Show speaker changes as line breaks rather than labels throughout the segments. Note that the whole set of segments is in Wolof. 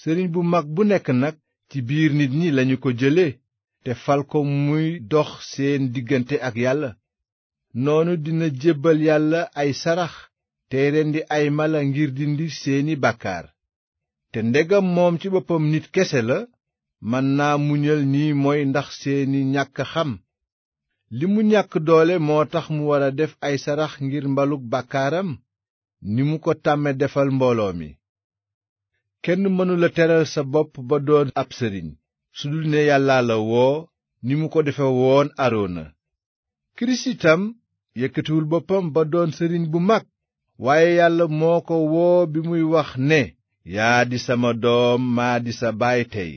sëriñ bu mag bu nekk nag ci biir nit ñi lañu ko jële te fal ko muy dox seen diggante ak yàlla noonu dina jébbal yàlla ay sarax tey rendi ay mala ngir dindi seeni bàkkaar te ndegam moom ci boppam nit kese la mën naa muñal nii mooy ndax seeni ñàkk xam li mu ñàkk doole moo tax mu war a def ay sarax ngir mbalug bàkkaaram ni mu ko tàmme defal mbooloo mi kenn mënula teral sa bopp ba doon ab sëriñ su dul ne yàlla la woo ni mu ko defe woon aroona kirist itam yëkkatiwul boppam ba doon sëriñ bu mag waaye yàlla moo ko woo bi muy wax ne yaa di sama doom maa di sa baay tey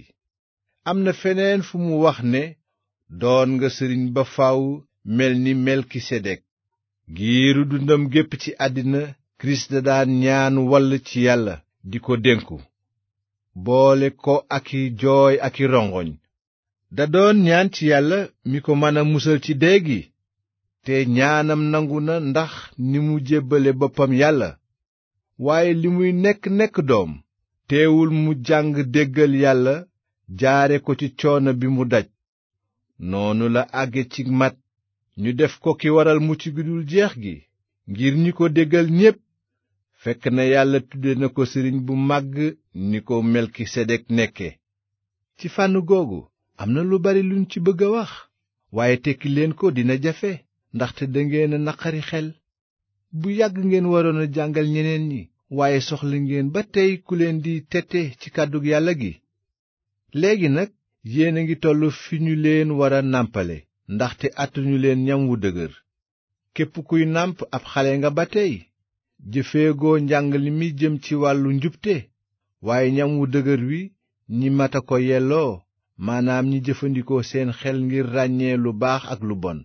am na feneen fu mu wax ne doon nga sëriñ ba faw mel ni melkisedek giiru dundam gépp ci àddina kirist da daan ñaan wall ci yàlla di ko dénku boole ko ak ak i rongoñ da doon ñaan ci yàlla mi ko mën a musal ci dee gi te ñaanam nangu na ndax ni mu jébbale boppam yàlla waaye li muy nekk-nekk doom teewul mu jàng déggal yàlla jaare ko ci coono bi mu daj noonu la àgge ci mat ñu def ko ki waral mu gi dul jeex gi ngir ñi ko déggal ñépp fekk na yàlla tudde na ko sëriñ bu màgg ni ko melkisedek nekke ci fànn googu am na lu bari luñ ci bëgg a wax waaye tekki leen ko dina jafe ndaxte dangeen a naqari xel bu yàgg ngeen waroon a jàngal ñeneen ñi waaye soxla ngeen ba tey ku leen di tette ci kàddu yàlla gi léegi nag yéen a ngi toll fi ñu leen war a nàmpale ndaxte àttuñu leen ñam wu dëgër képp kuy nàmp ab xale nga ba tey jëfeegoo li mi jëm ci wàllu njubte waaye ñam wu dëgër wi ñi mat a ko yelloo maanaam ñi jëfandikoo seen xel ngir ràññee lu baax ak lu bon